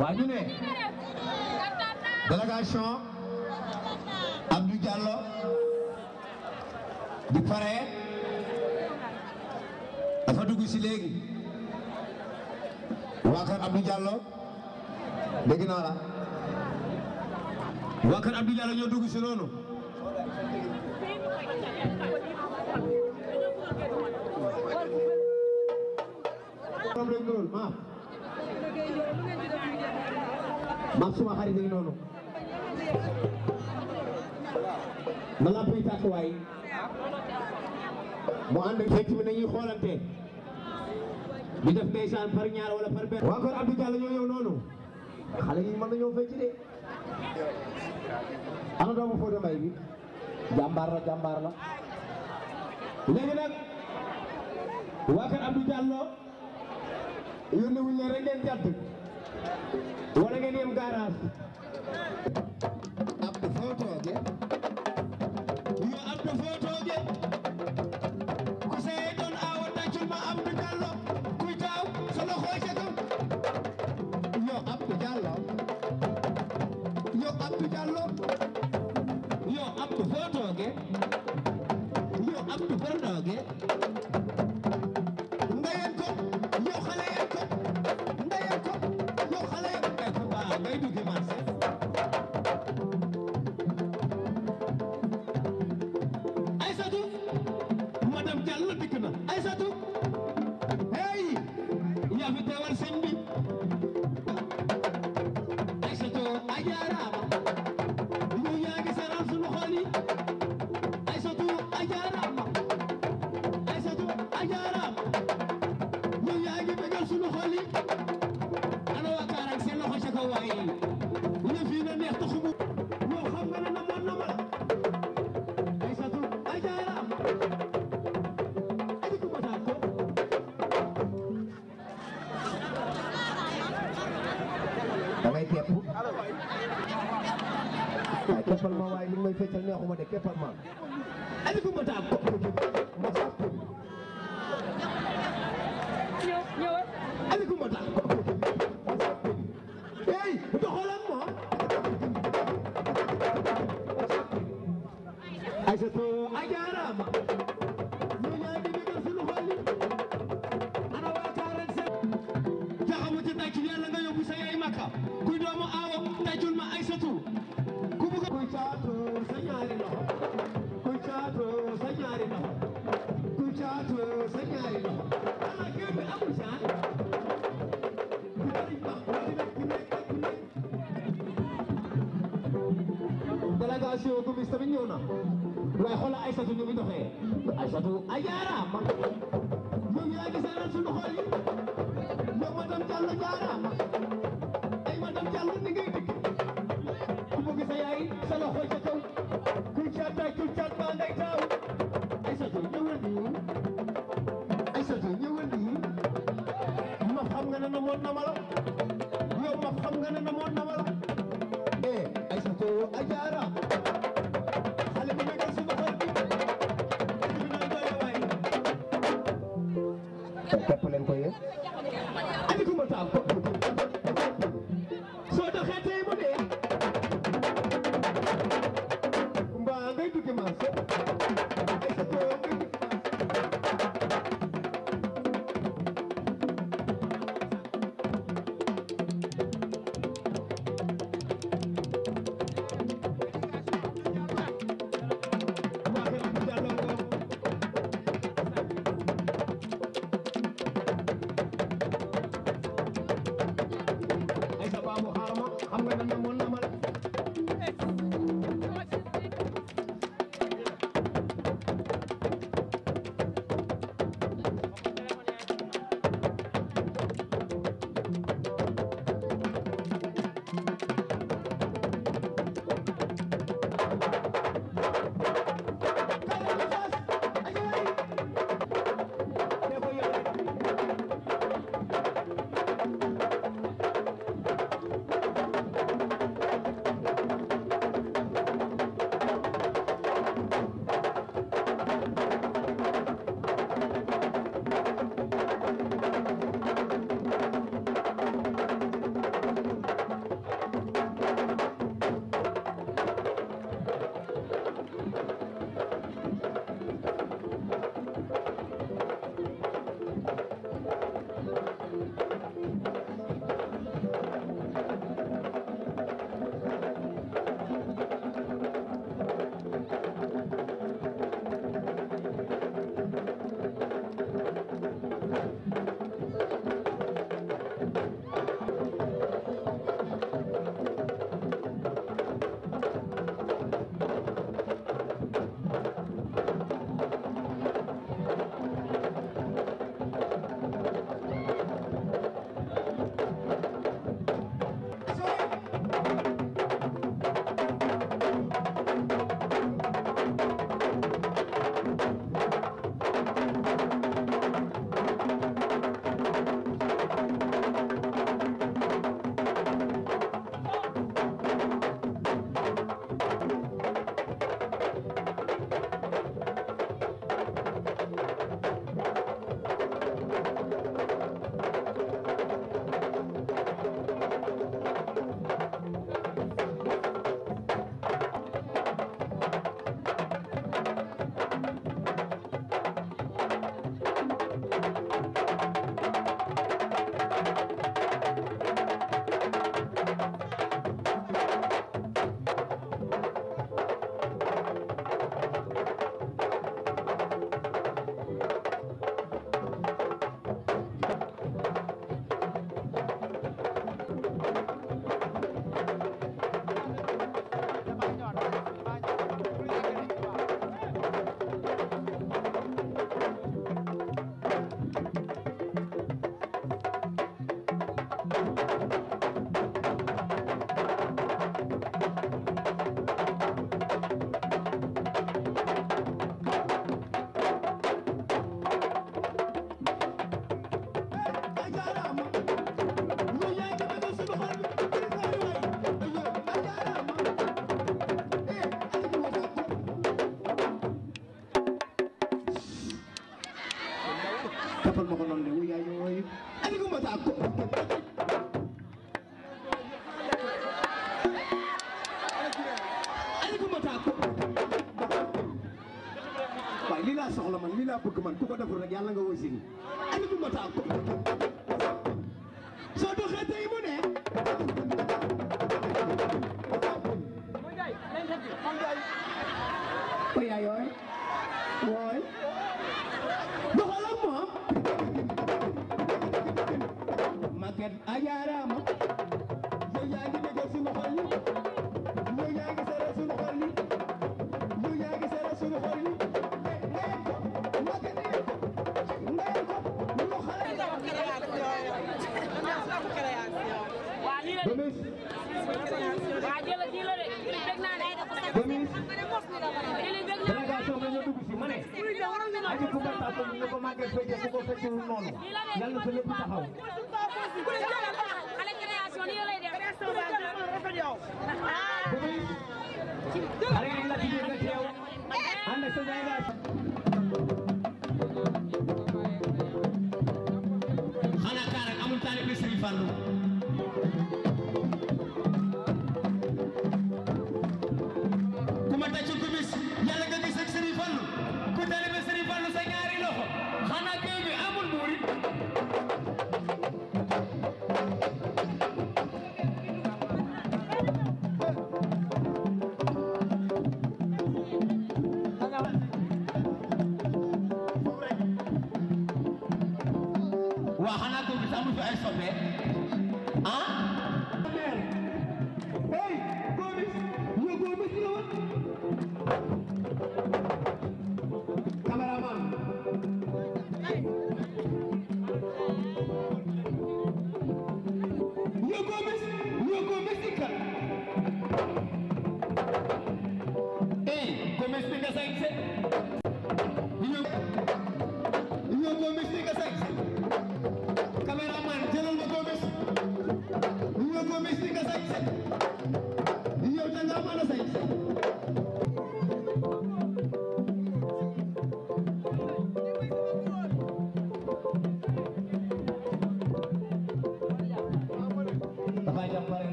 waaye ñu ne délégation Abdou Diallo bu paree dafa dugg si léegi waa kër Abdou Diallo dégg naa la ñoo dugg si noonu. kon nag fekk mi dañuy xoolante di def ndeysaan par ñaar wala par benn. waa kon Abdou Diallo ñoo noonu xale yi mën nañoo fecc de ana doomu Fodé Mbaye bi jàmbaar la jàmbaar la nag waa kër Abdou Diallo yónne wuñ leen rek ngeen jàdd wala ngeen yem garage. Abdou Diallo képpal ma waaye li nga may feccal neexuma de képpal ashadu a gyara defal ma ko noonu de wuy yaay yooyu ani ko mata ko ani ko mata ko waaye lii laa soxla man lii laa bëgg man ku ko def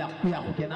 yàqu yàqu kenn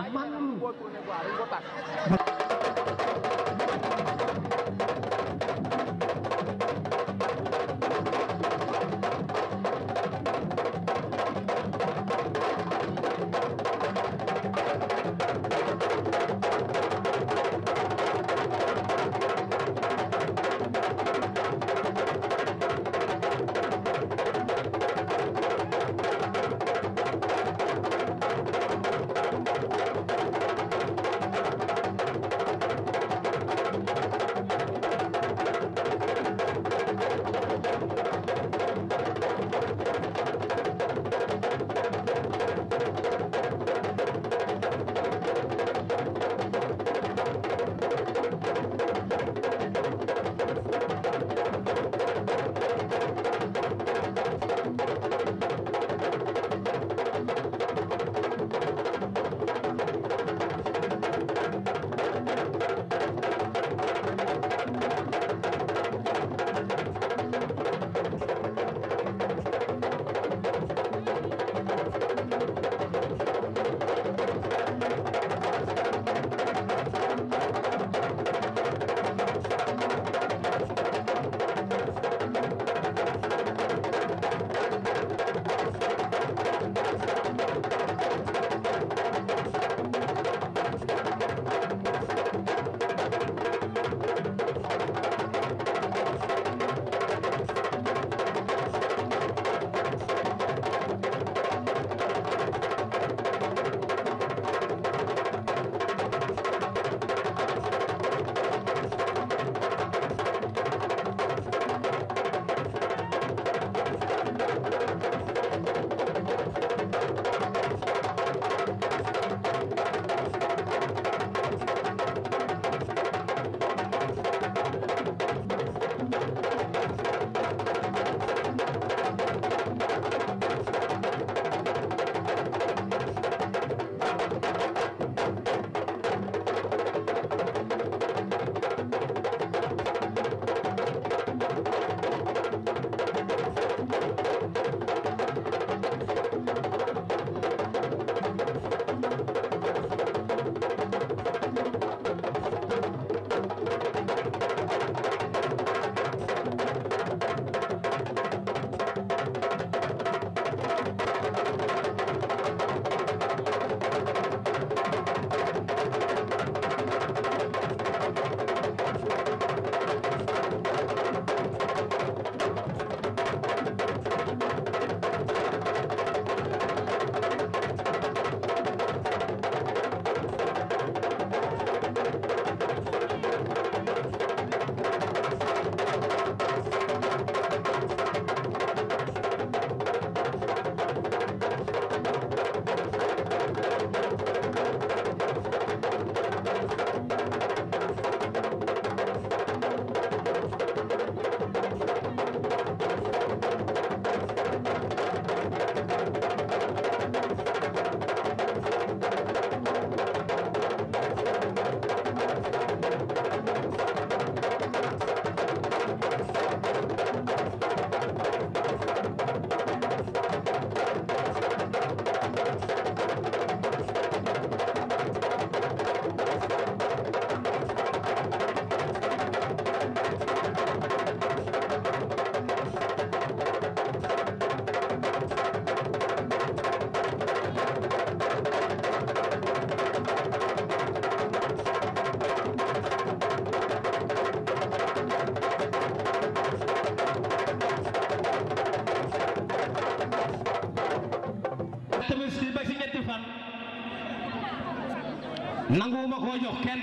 nanguwuma koo jox kenn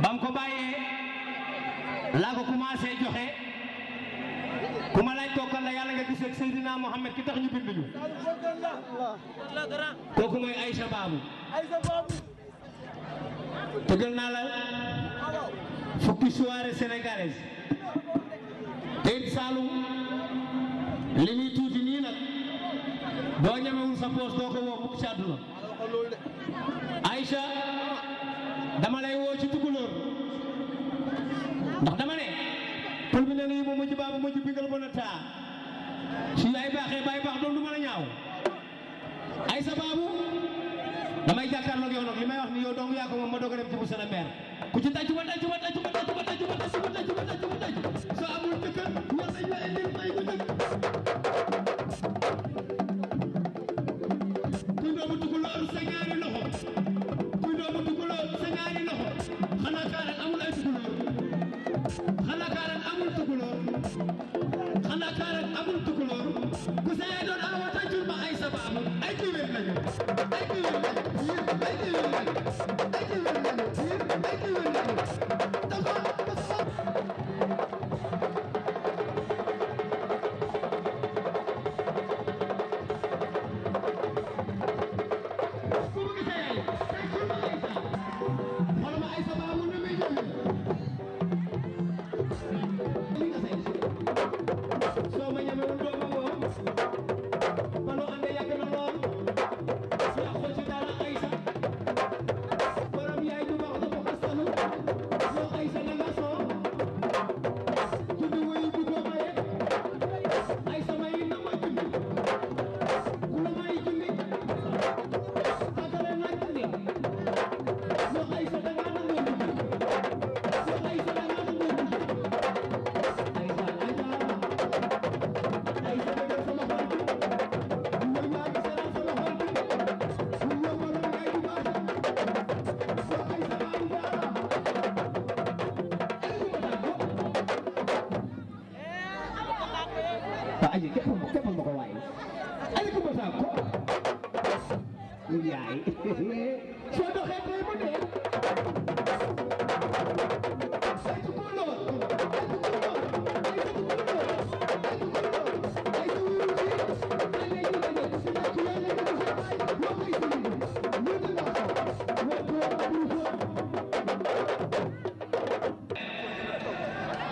bam ko bàyyee laa ko commencé joxe ku ma laaj tokkal la yàlla nga gis ak Seydina Mohamed ki tax ñu bind ñu kooku mooy Aïcha Babou tëggal naa la fukki soirée sénégalaise te it Saalum li muy tuuti nii nag boo ñemewul sa poos woo mukk ci àdduna Aïcha dama lay woo ci tukulóor ndax dama ne pël bi nee na yóbbu ma ci baabu ma ci bingal bon a taa su yaay baaxee baay baax doon du mën a ñaaw Aïcha baabu damay jàkkaarloog yow nag li may wax ni yow dong yaa ko moom ma doog a dem ci bu sën a meer ku ci tàcc ma tàcc ma tàcc ma tàcc ma tàcc ma tàcc ma tàcc ma tàcc soo amul dëkk war nañ la indil xanaa Kaareen amul tukulóor xanaa Kaareen amul tukulóor ku see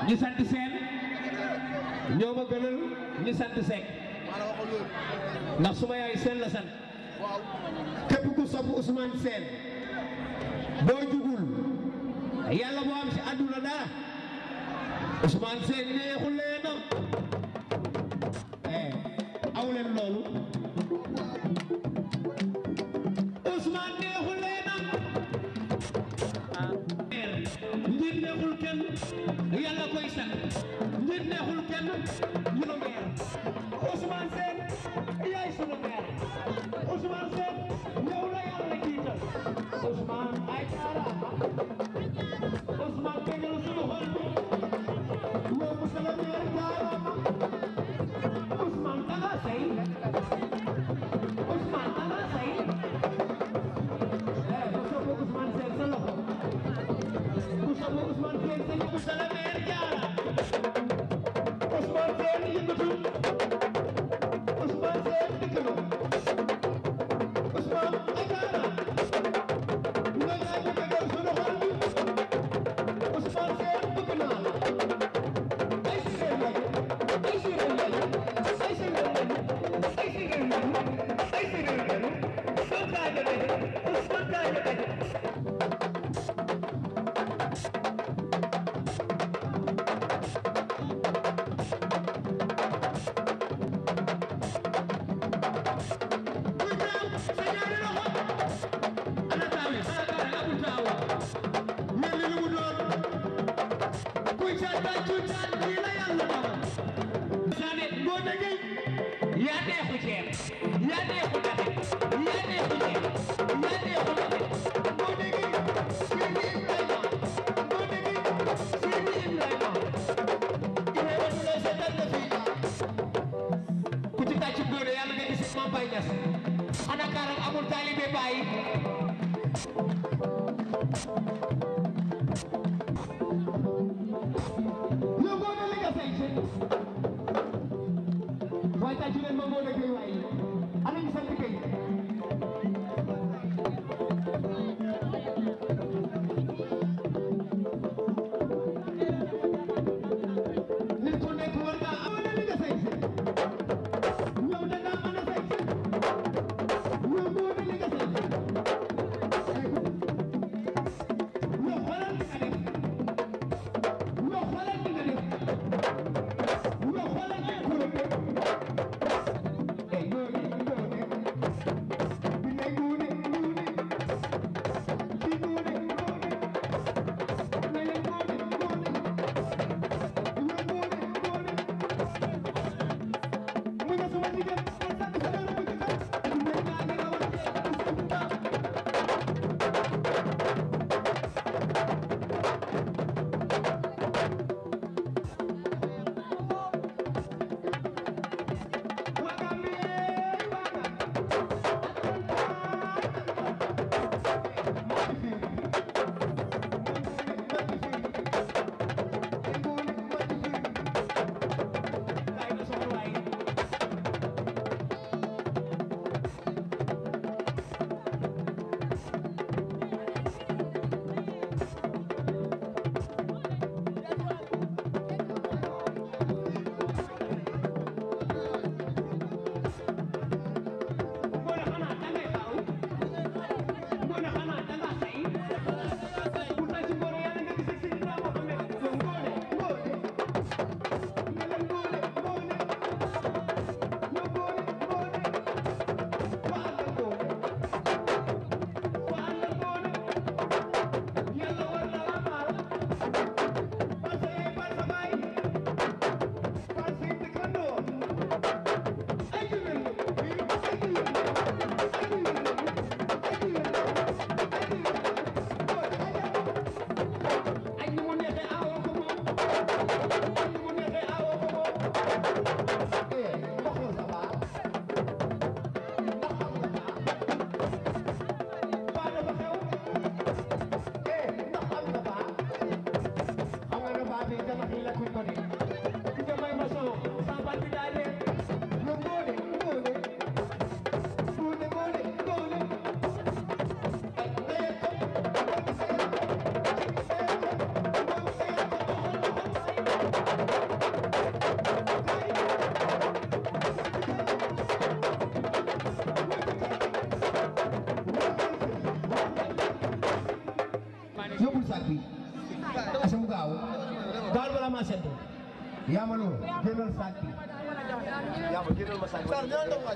ñi sant seen ñoo ma gënal ñu sant Seck ndax suma yaay seen la sant képp ku sob Ousmane Sène Shut up,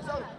Sorry, sorry.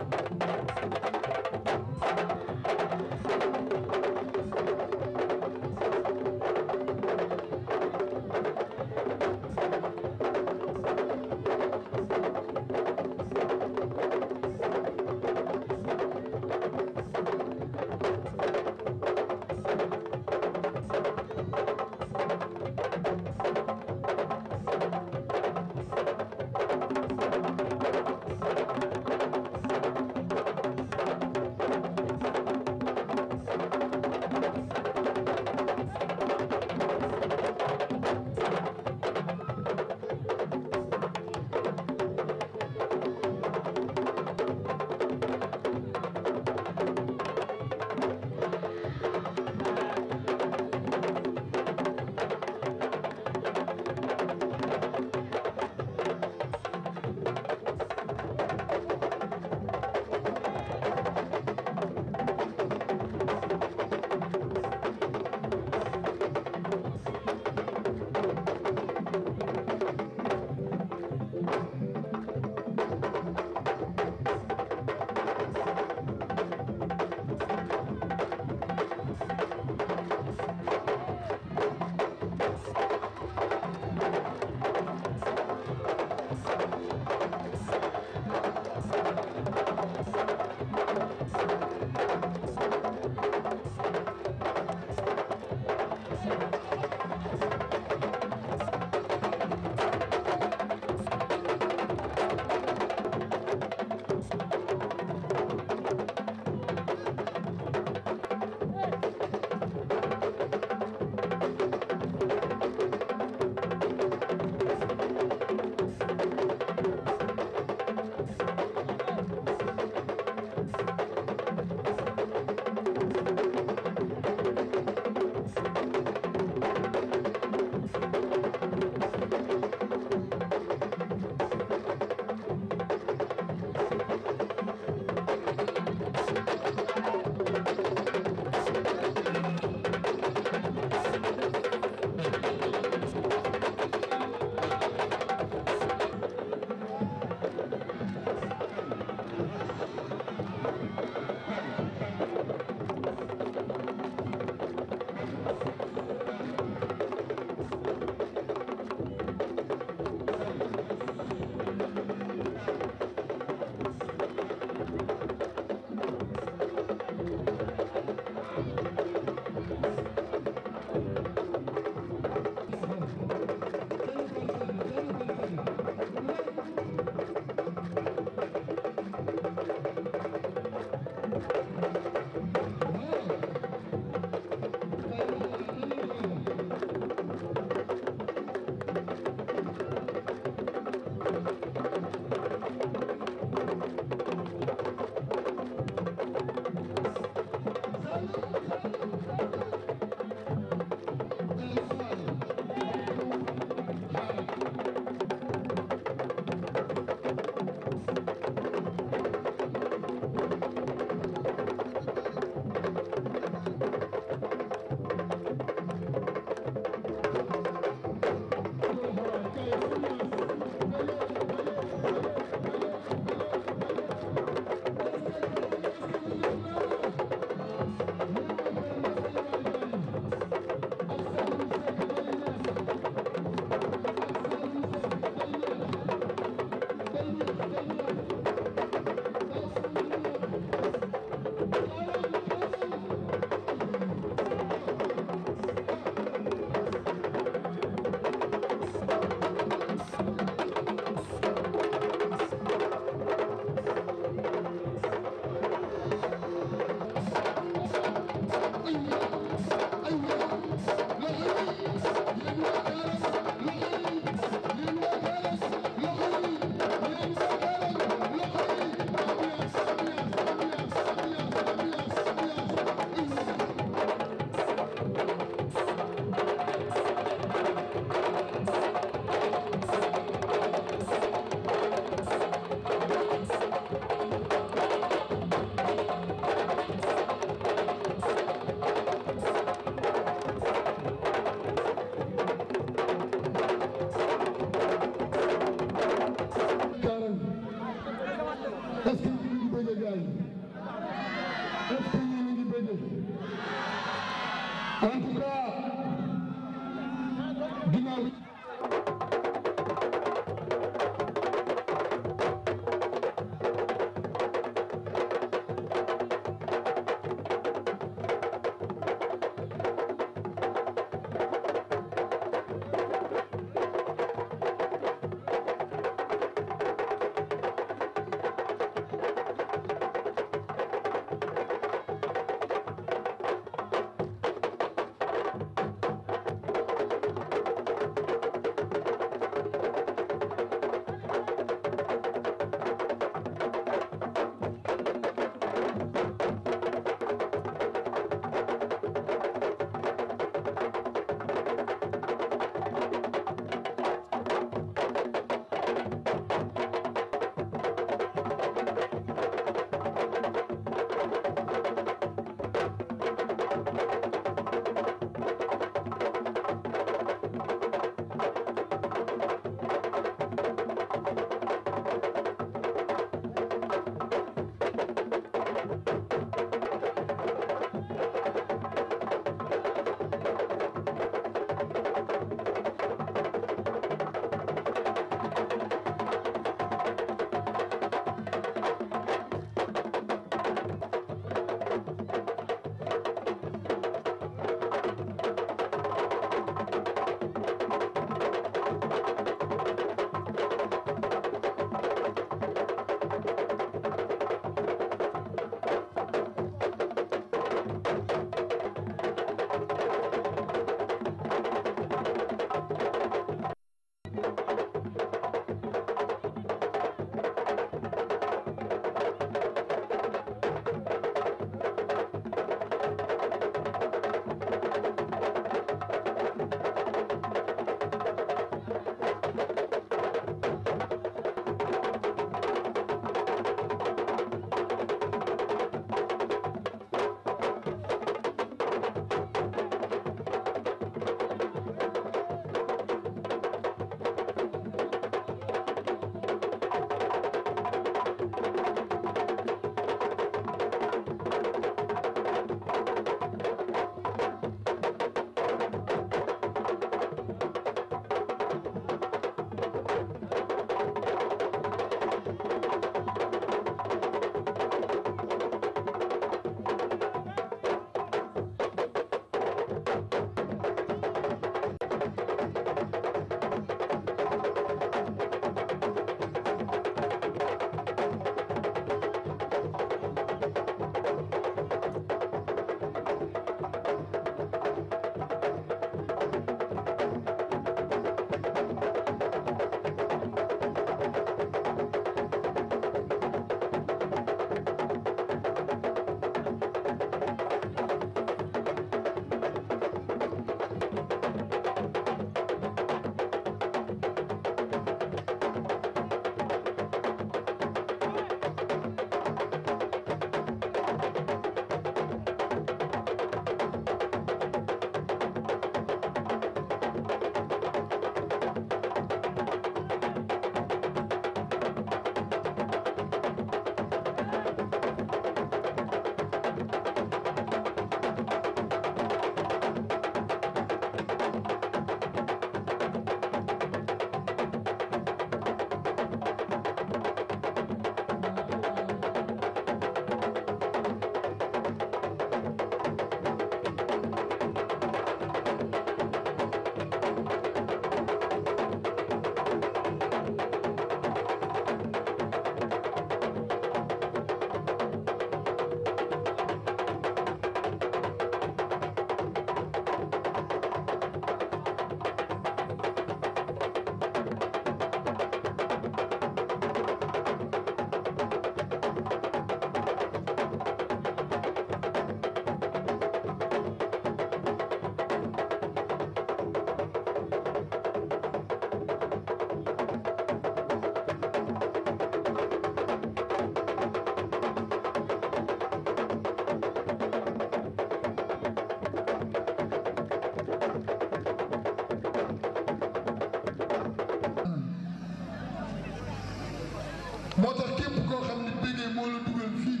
moo tax képp koo xam ne béykat moo la dugal fii.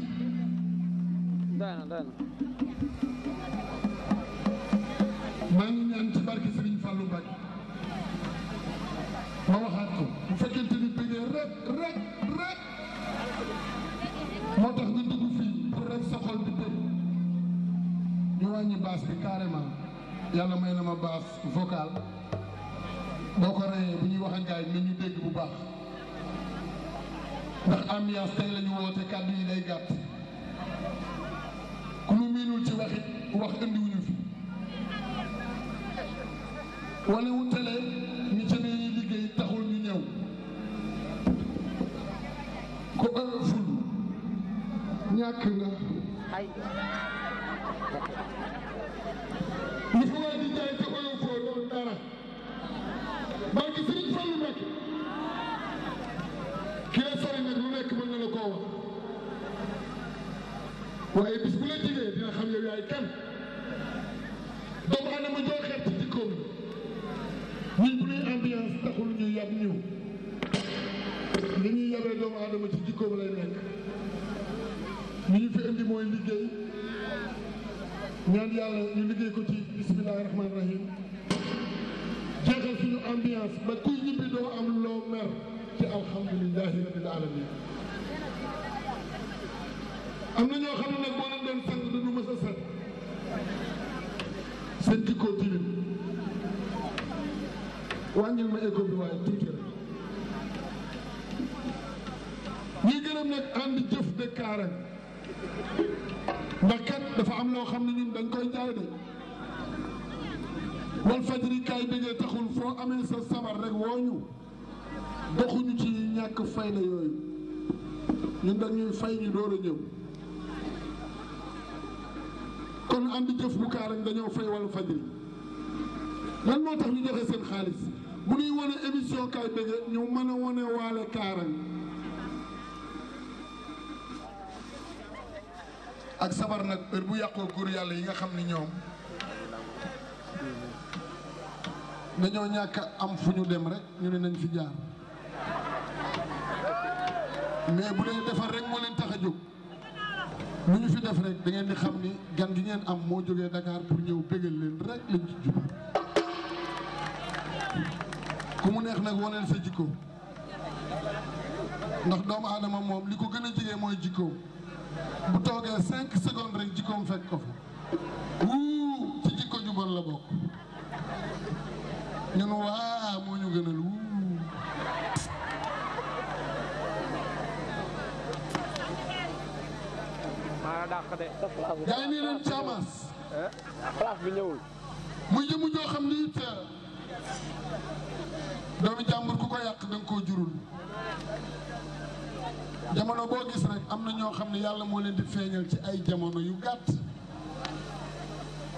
daana daana. maa ngi ñaan ci barke Serigne Fallou Mbacké ma waxaat ko bu fekkente ni béykat rek rek rek moo tax ñu dugg fii pour rek bi bëri ñu wàññi baas bi carrément yàlla may na ma baas vocal boo ko reyee bu ñuy wax ak gars yi bu baax. ndax ambiance tey la ñu woote kàddu yi day gàtt ku nu miinul ci waxit wax indiwuñu fi wane wu télé ñi ca nañuy liggéey taxul ñu ñëw ko ëllëg ful ñàkk nga yàlla ñu liggéey ko ci bismillahi rahmaani rahim jeexal suñu am loo mer ci alhamdulilahi rabil alamin am na xam nag boo leen doon sant dañu mës a set seen jikkoo tilim wàññil ma écho bi waaye ndax kat dafa am loo xam ne ñun dañ koy jaay de wal fajri kaay bëggee taxul foo amee sa sabar rek woo ñu doxuñu ci ñàkk fayda yooyu ñun dañuy fay ñu door ñëw kon ànd jëf bu kaa rek dañoo fay wal fajri lan moo tax ñu joxe seen xaalis bu ñuy wane émission kaay bëggee ñu mën a wane waale kaarang ak sabar nag heure bu yàqoo góor yàlla yi nga xam ni ñoom dañoo ñàkk am fu ñu dem rek ñu ne nañ fi jaar mais bu dee defar rek moo leen tax a jóg lu ñu fi def rek da ngeen di xam ni gan gi ngeen am moo jógee Dakar pour ñëw bégal leen rek lañ ci jubal ku mu neex nag waneel sa jikko ndax doomu aadama moom li ko gën a jege mooy jikkoom bu toogee cinq secondes rek jikkoom fekk ko fa wuu ci jikko ju bon la bokk ñun waa moo ñu gënal wuu maa dàq de gaa nii leen caamaas eh? place bi ñëwul muy jëmu joo xam ni it eh, doomi jàmbur ku ko yàq da nga koo jamono boo gis rek am na ñoo xam ne yàlla moo leen di feeñal ci ay jamono yu gàtt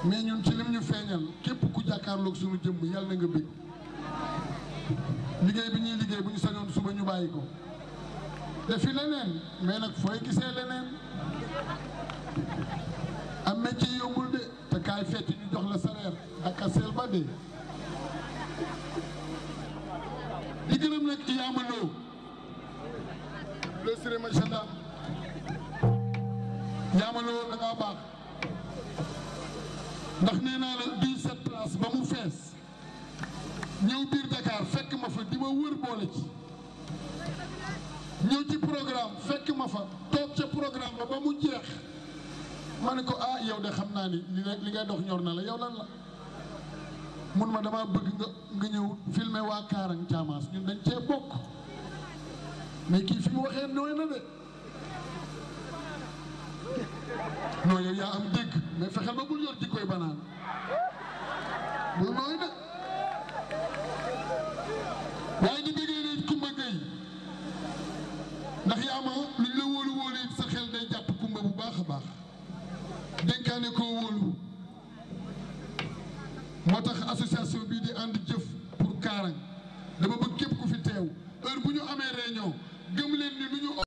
mais ñun ci lim ñu feeñal képp ku jàkkaarloog suñu jëmm yàlla na nga bëgg liggéey bi ñuy liggéey bu ñu sañoon suba ñu bàyyi ko defi leneen mais nag fooy gisee leneen am métier yombul de te kaay fecc ñu jox la salaire ak aseel ba de di gërëm nag yaa ma Siré ma gendarme jaamaloo da baax ndax nee naa la bii set place ba mu fees ñëw biir Dakar fekk ma fa di ma wër boole ci ñëw ci programme fekk ma fa toog ca programme ba ba mu jeex ma ne ko ah yow de xam naa ni li ngay dox ñor na la yow lan la mun ma dama bëgg nga ñëw filmer waa Kaarang Caamaas ñun dañ cee bokk mais kii fi mu waxee nooy na de non yaa am dégg mais fexeel ba bul yor jikkoy banaan bul nooy de waaye di déggee ne kumba gay ndax yaa ma luñ la wóolu wóolu sa xel day jàpp kumba bu baax a baax dénkaane koo wóolu moo tax association bii di ànd jëf pour Kaarang dama bëgg képp ku fi teew heure bu ñu amee réunion gëm leen ni lu ñu